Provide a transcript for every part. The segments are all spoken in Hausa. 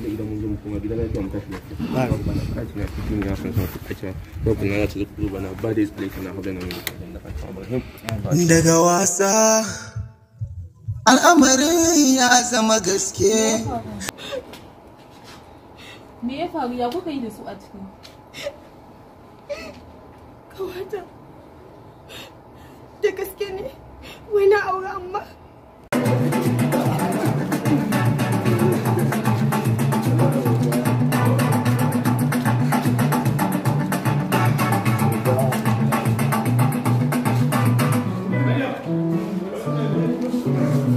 gida daga wasa al'amarin ya zama gaske me ya faru ya kuka yi da su a cikin kawata da gaske ne wani aure amma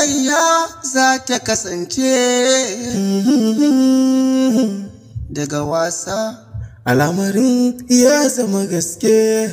soyayya za ta kasance daga wasa al'amarin ya zama gaske